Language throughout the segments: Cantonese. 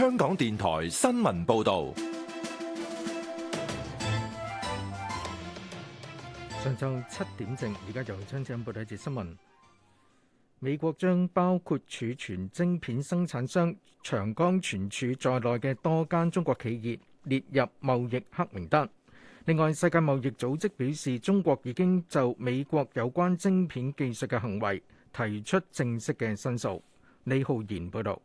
香港電台新聞報道。上晝七點正，而家由張生報道一節新聞。美國將包括儲存晶片生產商長江存儲在內嘅多間中國企業列入貿易黑名單。另外，世界貿易組織表示，中國已經就美國有關晶片技術嘅行為提出正式嘅申訴。李浩然報道。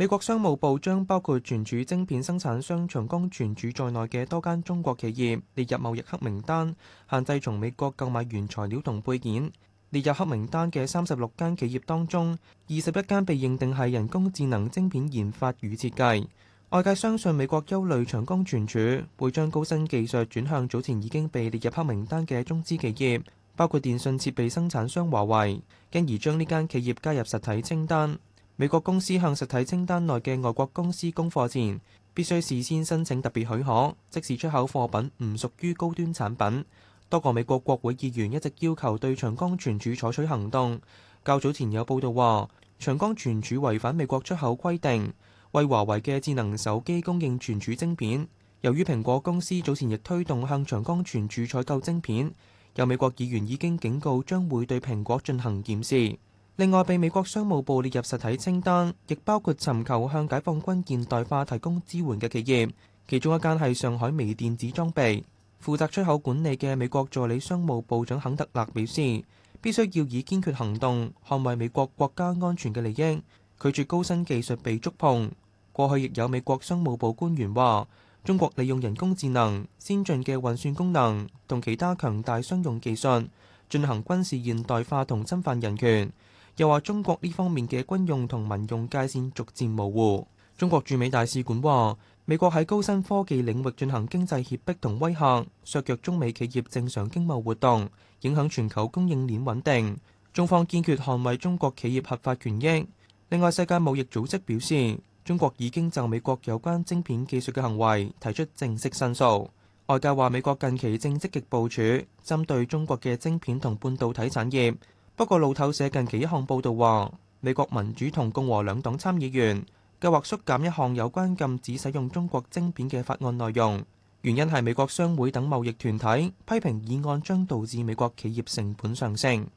美國商務部將包括存儲晶片生產商長江存儲在內嘅多間中國企業列入貿易黑名單，限制從美國購買原材料同配件。列入黑名單嘅三十六間企業當中，二十一間被認定係人工智能晶片研發與設計。外界相信美國憂慮長江存儲會將高新技術轉向早前已經被列入黑名單嘅中資企業，包括電信設備生產商華為，因而將呢間企業加入實體清單。美國公司向實體清單內嘅外國公司供貨前，必須事先申請特別許可，即使出口貨品唔屬於高端產品。多個美國國會議員一直要求對長江存儲採取行動。較早前有報道話，長江存儲違反美國出口規定，為華為嘅智能手機供應存儲晶片。由於蘋果公司早前亦推動向長江存儲採購晶片，有美國議員已經警告將會對蘋果進行檢視。另外，被美國商務部列入實體清單，亦包括尋求向解放軍現代化提供支援嘅企業，其中一間係上海微電子裝備。負責出口管理嘅美國助理商務部長肯特勒表示，必須要以堅決行動捍衛美國國家安全嘅利益，拒絕高新技術被觸碰。過去亦有美國商務部官員話，中國利用人工智能先進嘅運算功能同其他強大商用技術進行軍事現代化同侵犯人權。又話中國呢方面嘅軍用同民用界線逐漸模糊。中國駐美大使館話：美國喺高新科技領域進行經濟脅迫同威嚇，削弱中美企業正常經貿活動，影響全球供應鏈穩定。中方堅決捍衞中國企業合法權益。另外，世界貿易組織表示，中國已經就美國有關晶片技術嘅行為提出正式申訴。外界話，美國近期正積極部署針對中國嘅晶片同半導體產業。不過，路透社近期一項報導話，美國民主同共和兩黨參議員計劃縮減一項有關禁止使用中國晶片嘅法案內容，原因係美國商會等貿易團體批評議案將導致美國企業成本上升。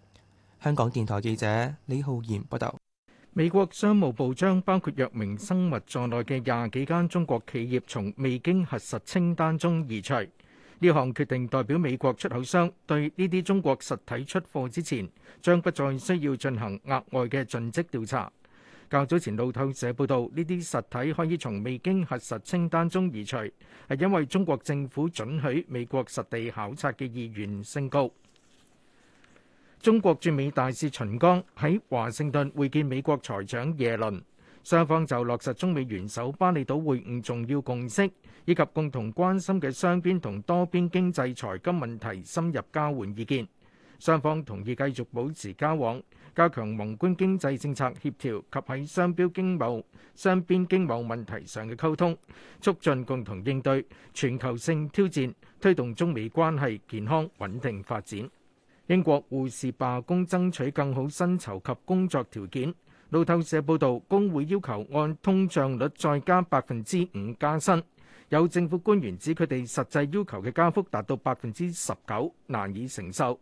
香港電台記者李浩然報道，美國商務部將包括藥明生物在內嘅廿幾間中國企業從未經核實清單中移除。呢項決定代表美國出口商對呢啲中國實體出貨之前，將不再需要進行額外嘅盡職調查。較早前路透社報道，呢啲實體可以從未經核實清單中移除，係因為中國政府准許美國實地考察嘅意願升高。中國駐美大使秦剛喺華盛頓會見美國財長耶倫。雙方就落實中美元首巴厘島會晤重要共識，以及共同關心嘅雙邊同多邊經濟財金問題深入交換意見。雙方同意繼續保持交往，加強宏觀經濟政策協調及喺雙邊經貿、雙邊經貿問題上嘅溝通，促進共同應對全球性挑戰，推動中美關係健康穩定發展。英國護士罷工爭取更好薪酬及工作條件。路透社報道，工會要求按通脹率再加百分之五加薪。有政府官員指，佢哋實際要求嘅加幅達到百分之十九，難以承受。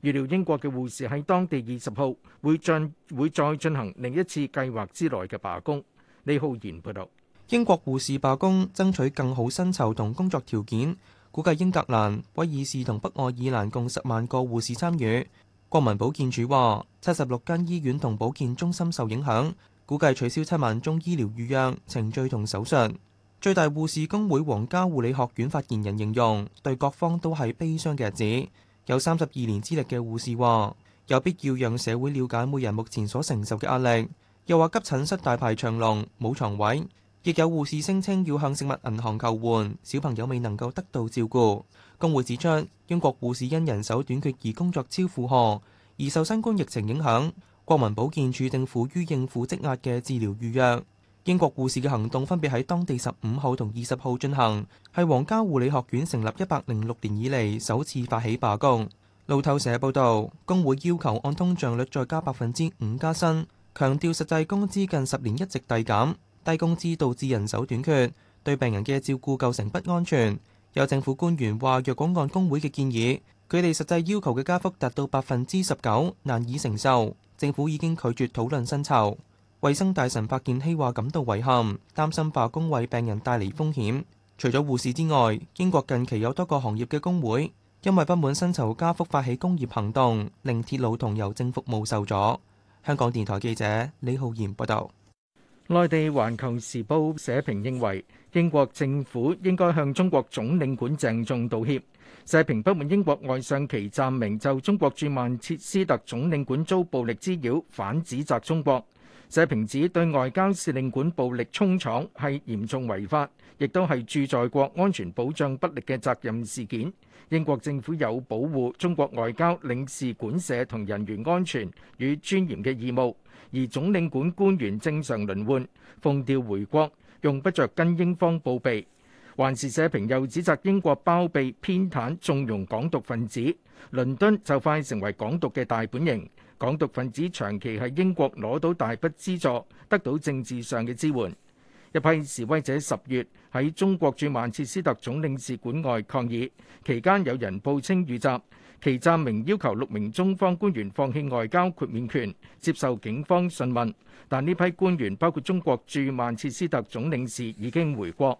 預料英國嘅護士喺當地二十號會進會再進行另一次計劃之內嘅罷工。李浩然報道，英國護士罷工爭取更好薪酬同工作條件，估計英格蘭威爾士同北愛爾蘭共十萬個護士參與。國民保健署話，七十六間醫院同保健中心受影響，估計取消七萬宗醫療預約程序同手術。最大護士工會皇家護理學院發言人形容，對各方都係悲傷嘅日子。有三十二年資歷嘅護士話，有必要讓社會了解每人目前所承受嘅壓力。又話急診室大排長龍，冇床位。亦有護士聲稱要向食物銀行求援，小朋友未能夠得到照顧。工會指出，英國護士因人手短缺而工作超負荷，而受新冠疫情影響，國民保健署政府於應付積壓嘅治療預約。英國護士嘅行動分別喺當地十五號同二十號進行，係皇家護理學院成立一百零六年以嚟首次發起罷工。路透社報道，工會要求按通脹率再加百分之五加薪，強調實際工資近十年一直遞減。低工資導致人手短缺，對病人嘅照顧構成不安全。有政府官員話：若果按工會嘅建議，佢哋實際要求嘅加幅達到百分之十九，難以承受。政府已經拒絕討論薪酬。衛生大臣白健希話感到遺憾，擔心罷工為病人帶嚟風險。除咗護士之外，英國近期有多個行業嘅工會因為不滿薪酬加幅發起工業行動，令鐵路同郵政服務受阻。香港電台記者李浩然報道。內地《環球時報》社評認為，英國政府應該向中國總領館鄭重道歉。社評不滿英國外相祁湛明就中國駐曼徹斯特總領館遭暴力滋擾，反指責中國。社評指對外交使領館暴力衝闖係嚴重違法，亦都係駐在國安全保障不力嘅責任事件。英國政府有保護中國外交領事館社同人員安全與尊嚴嘅義務。而總領館官員正常輪換，奉調回國，用不着跟英方報備。環時社評又指責英國包庇偏袒、縱容港獨分子，倫敦就快成為港獨嘅大本營。港獨分子長期喺英國攞到大筆資助，得到政治上嘅支援。一批示威者十月喺中國駐曼徹斯特總領事館外抗議，期間有人報稱遇襲。其站明要求六名中方官員放棄外交豁免權，接受警方訊問，但呢批官員包括中國駐曼徹斯特總領事已經回國。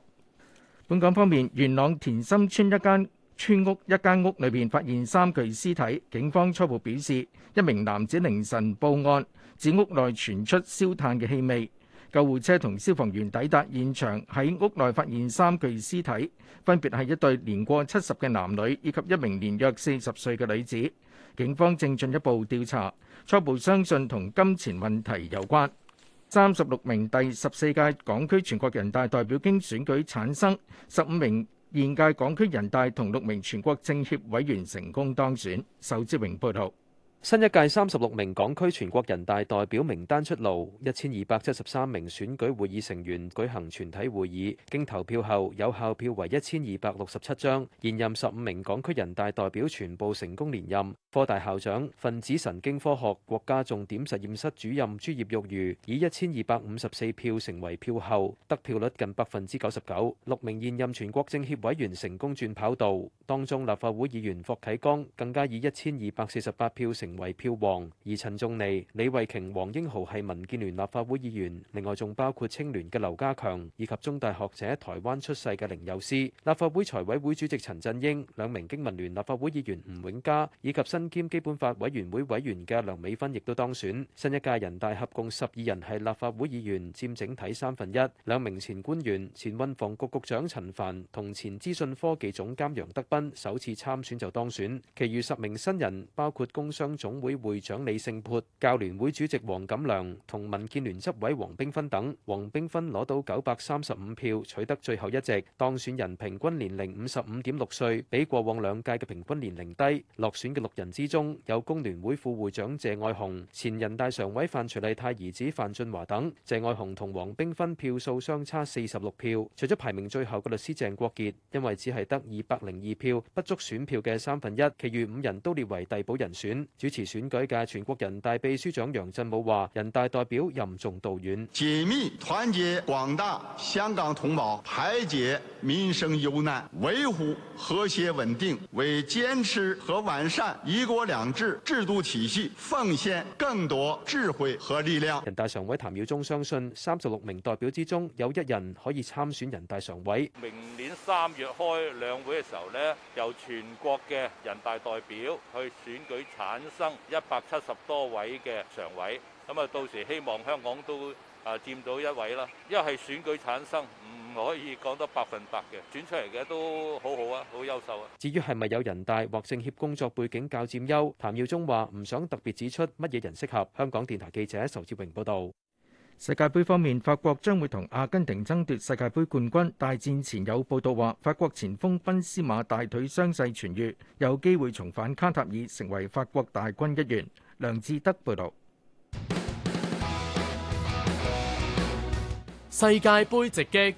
本港方面，元朗田心村一間村屋一間屋，屋裏邊發現三具屍體，警方初步表示一名男子凌晨報案，指屋內傳出燒炭嘅氣味。救護車同消防員抵達現場，喺屋內發現三具屍體，分別係一對年過七十嘅男女以及一名年約四十歲嘅女子。警方正進一步調查，初步相信同金錢問題有關。三十六名第十四屆港區全國人大代表經選舉產生，十五名現屆港區人大同六名全國政協委員成功當選，仇志榮報道。新一屆三十六名港區全國人大代表名單出爐，一千二百七十三名選舉會議成員舉行全體會議，經投票後有效票為一千二百六十七張，現任十五名港區人大代表全部成功連任。科大校長、分子神經科學國家重點實驗室主任朱葉玉如以一千二百五十四票成為票後，得票率近百分之九十九。六名現任全國政協委員成功轉跑道，當中立法會議員霍啟剛更加以一千二百四十八票成。為票王，而陳仲尼、李慧瓊、黃英豪係民建聯立法會議員，另外仲包括青聯嘅劉家強，以及中大學者、台灣出世嘅凌友詩，立法會財委會主席陳振英，兩名經民聯立法會議員吳永嘉，以及身兼基本法委員會委員嘅梁美芬，亦都當選。新一屆人大合共十二人係立法會議員，佔整體三分一。兩名前官員，前運房局局長陳帆同前資訊科技總監楊德斌，首次參選就當選。其餘十名新人，包括工商總會會長李勝潑、教聯會主席黃錦良、同民建聯執委黃冰芬等，黃冰芬攞到九百三十五票，取得最後一席。當選人平均年齡五十五點六歲，比過往兩屆嘅平均年齡低。落選嘅六人之中，有工聯會副會長謝愛紅、前人大常委范徐麗泰兒子范俊華等。謝愛紅同黃冰芬票數相差四十六票。除咗排名最後嘅律師鄭國傑，因為只係得二百零二票，不足選票嘅三分一，其餘五人都列為遞補人選。支持選舉嘅全國人大秘書長楊振武話，人大代表任重道遠，緊密團結廣大香港同胞，排解民生憂難，維護和諧穩定，為堅持和完善一國兩制制度體系，奉獻更多智慧和力量。人大常委譚耀宗相信，三十六名代表之中有一人可以參選人大常委。明年三月開兩會嘅時候咧，由全國嘅人大代表去選舉產生。生一百七十多位嘅常委，咁啊到時希望香港都啊佔到一位啦。因為係選舉產生，唔可以講得百分百嘅，選出嚟嘅都好好啊，好優秀啊。至於係咪有人大或政協工作背景較佔優，譚耀宗話唔想特別指出乜嘢人適合。香港電台記者仇志榮報道。世界盃方面，法國將會同阿根廷爭奪世界盃冠軍。大戰前有報道話，法國前鋒賓斯馬大腿傷勢痊愈，有機會重返卡塔爾，成為法國大軍一員。梁志德報道。世界盃直擊，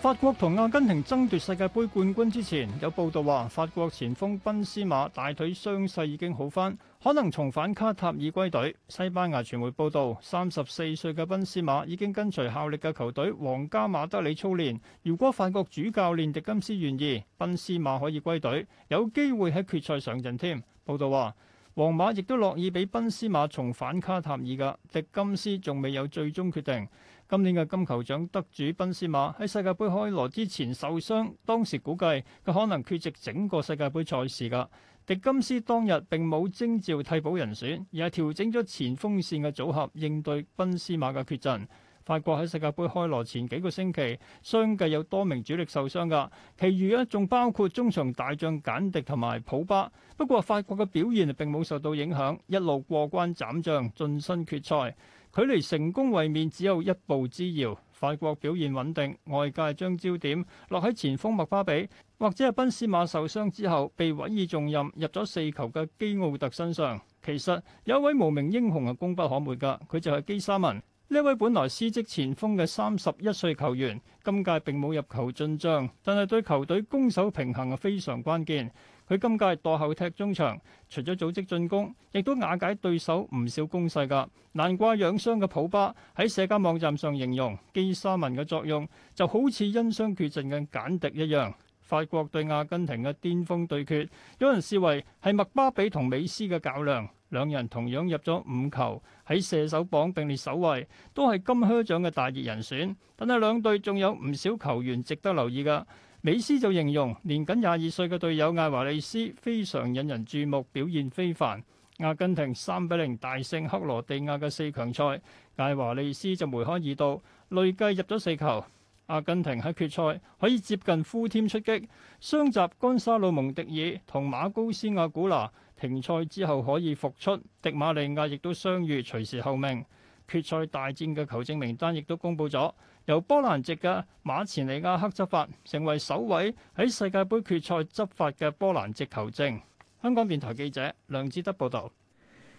法國同阿根廷爭奪世界盃冠軍之前，有報道話，法國前鋒賓斯馬大腿傷勢已經好返。可能重返卡塔爾歸隊。西班牙傳媒報道，三十四歲嘅賓斯馬已經跟隨效力嘅球隊皇家馬德里操練。如果法國主教練迪金斯願意，賓斯馬可以歸隊，有機會喺決賽上陣添。報道話，皇馬亦都樂意俾賓斯馬重返卡塔爾噶。迪金斯仲未有最終決定。今年嘅金球獎得主賓斯馬喺世界盃開鑼之前受傷，當時估計佢可能缺席整個世界盃賽事噶。迪金斯當日並冇徵召替補人選，而係調整咗前鋒線嘅組合，應對賓斯馬嘅缺陣。法國喺世界盃開鑼前幾個星期，相繼有多名主力受傷㗎，其餘呢仲包括中場大將簡迪同埋普巴。不過法國嘅表現並冇受到影響，一路過關斬將，晉身決賽，距離成功衛冕只有一步之遙。法國表現穩定，外界將焦點落喺前鋒麥巴比或者係賓斯馬受傷之後被委以重任，入咗四球嘅基奧特身上。其實有一位無名英雄係功不可沒噶，佢就係基沙文呢位本來司職前鋒嘅三十一歲球員，今屆並冇入球進賬，但係對球隊攻守平衡係非常關鍵。佢今屆墮後踢中場，除咗組織進攻，亦都瓦解對手唔少攻勢㗎。難怪養傷嘅普巴喺社交網站上形容基沙文嘅作用就好似因傷缺陣嘅簡迪一樣。法國對阿根廷嘅巔峯對決，有人視為係麥巴比同美斯嘅較量，兩人同樣入咗五球，喺射手榜並列首位，都係金靴獎嘅大熱人選。但係兩隊仲有唔少球員值得留意㗎。美斯就形容年僅廿二歲嘅隊友艾華利斯非常引人注目，表現非凡。阿根廷三比零大勝克羅地亞嘅四強賽，艾華利斯就梅開二度，累計入咗四球。阿根廷喺決賽可以接近呼添出擊，雙閘干沙魯蒙迪爾同馬高斯亞古拿停賽之後可以復出，迪馬利亞亦都傷愈隨時候命。決賽大戰嘅球證名單亦都公佈咗。由波蘭籍嘅馬切尼亞克執法，成為首位喺世界杯決賽執法嘅波蘭籍球證。香港電台記者梁志德報道。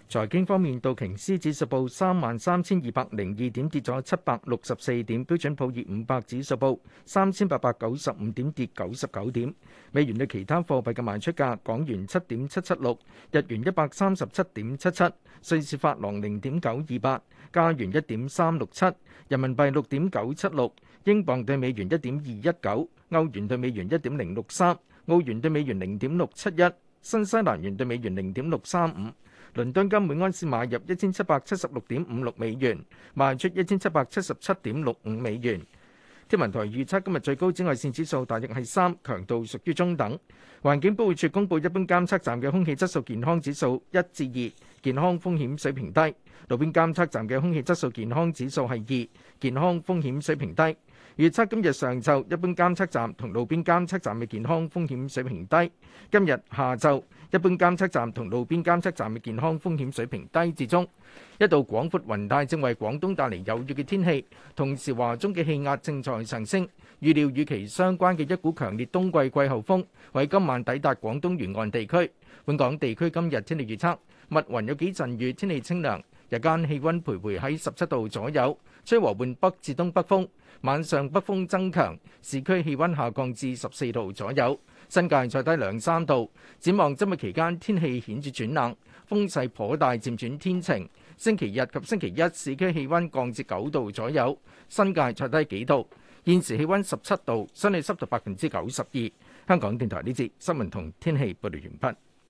財經方面，道瓊斯指數報三萬三千二百零二點，跌咗七百六十四點；標準普爾五百指數報三千八百九十五點，跌九十九點。美元對其他貨幣嘅賣出價：港元七點七七六，日元一百三十七點七七，瑞士法郎零點九二八，加元一點三六七，人民幣六點九七六，英鎊對美元一點二一九，歐元對美元一點零六三，澳元對美元零點六七一，新西蘭元對美元零點六三五。倫敦金每安士買入一千七百七十六點五六美元，賣出一千七百七十七點六五美元。天文台預測今日最高紫外線指數大約係三，強度屬於中等。環境保護署公布，一般監測站嘅空氣質素健康指數一至二，健康風險水平低；路邊監測站嘅空氣質素健康指數係二，健康風險水平低。預測今日上晝，一般監測站同路邊監測站嘅健康風險水平低；今日下晝，一般監測站同路邊監測站嘅健康風險水平低至中。一度廣闊雲帶正為廣東帶嚟有雨嘅天氣，同時華中嘅氣壓正在上升，預料與其相關嘅一股強烈冬季季候風，喺今晚，抵達廣東沿岸地區。本港地區今日天氣預測：密雲有幾陣雨，天氣清涼，日間氣温徘徊喺十七度左右，吹和緩北至東北風。晚上北風增強，市區氣温下降至十四度左右，新界再低兩三度。展望周末期間天氣顯著轉冷，風勢頗大，漸轉天晴。星期日及星期一市區氣温降至九度左右，新界再低幾度。現時氣温十七度，相對濕度百分之九十二。香港電台呢節新聞同天氣報道完畢。